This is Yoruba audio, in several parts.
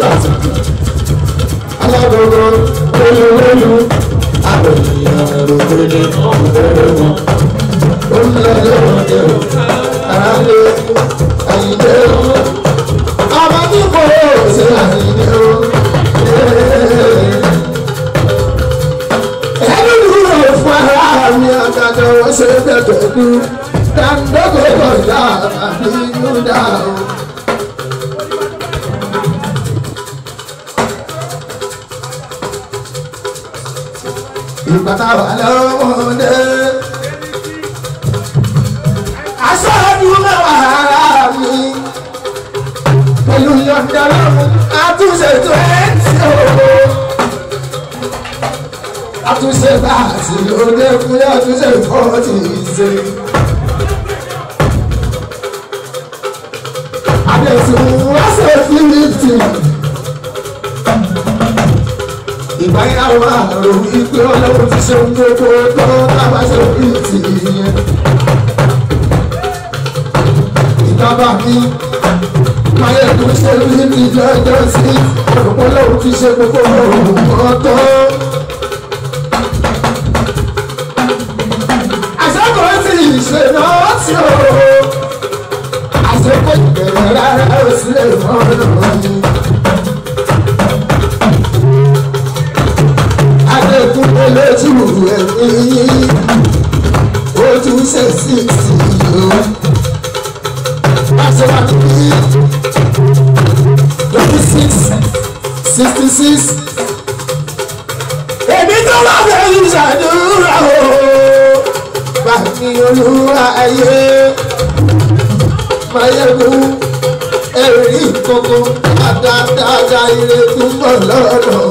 lọ́sà. alágbogbo olúwolú àbẹ̀yìn àròkèlè ọ̀bẹ̀rẹ̀ wọn. ó ń lọ lẹ́wọ̀n dẹ̀rọ̀ aráàlú àyíndé wọn. ọmọ tí kò ṣe àyíndé wọn. ẹni dúró fún ara mi àgàgà ṣe bẹ̀tẹ̀ kú. dáńdọ́gbọ̀n náà àbí yúdà o. ìgbà tá a wà lọ́mọdé. aṣáájú mẹ́wàá mi pẹ̀lú yọ̀ǹda lọ́run àtúnṣe tó ẹ̀ ń ṣe o. àtúnṣe bá a sì lóde kúlẹ̀ àtúnṣe fọ́ọ̀tì ṣe. adé sùn wá ṣe fílíìtì ìbáyàwó àrò wípé ọlọ́run ti ṣe ohun gbogbo tó tábà ṣe orí ti yẹn. ìjọba mi máyẹ̀kú ṣe rí ní ìjọ́jọ́ sí ọlọ́run ti ṣe gbogbo ohun tó. àṣàkóso ìṣèlú ọ̀sìn òru. ẹ̀mí ó tún ṣe síìsì o láti wá níbí twenty six sixty six èmi tó wà lẹ́yìn ìṣàdúrà o bàbí olúwa ayé mayegun ẹ̀rí kókó dáadáa ire túbọ̀ lọ́rọ̀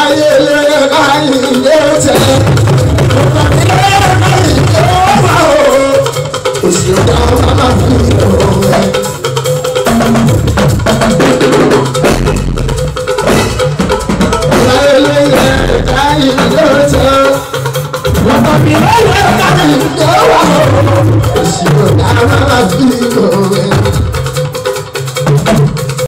ayé ayé lè báyìí ó tẹ̀lé ọ̀gá mi lọ́wọ́ náà ìjọ wà ó òsì ọ̀gá máa fún mi lọ́wọ́ ẹ̀. Òsì ọ̀gá máa fún mi lọ́wọ́